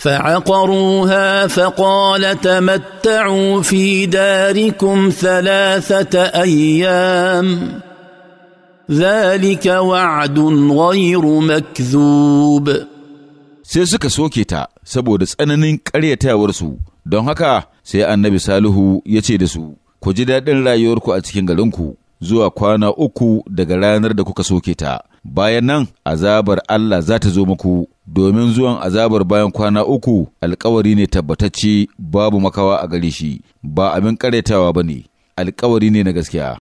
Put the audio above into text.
فعقروها فقال تمتعوا في داركم ثلاثه ايام ذلك وعد غير مكذوب sai suka soke ta saboda tsananin ƙaryatawarsu don haka sai annabi salihu ya ce da su ku ji daɗin rayuwarku a cikin garinku zuwa kwana uku daga ranar da kuka soke ta bayan nan azabar allah za ta zo muku domin zuwan azabar bayan kwana uku alkawari ne tabbatacce babu makawa a gare shi ba abin karyatawa ba ne alkawari ne na gaskiya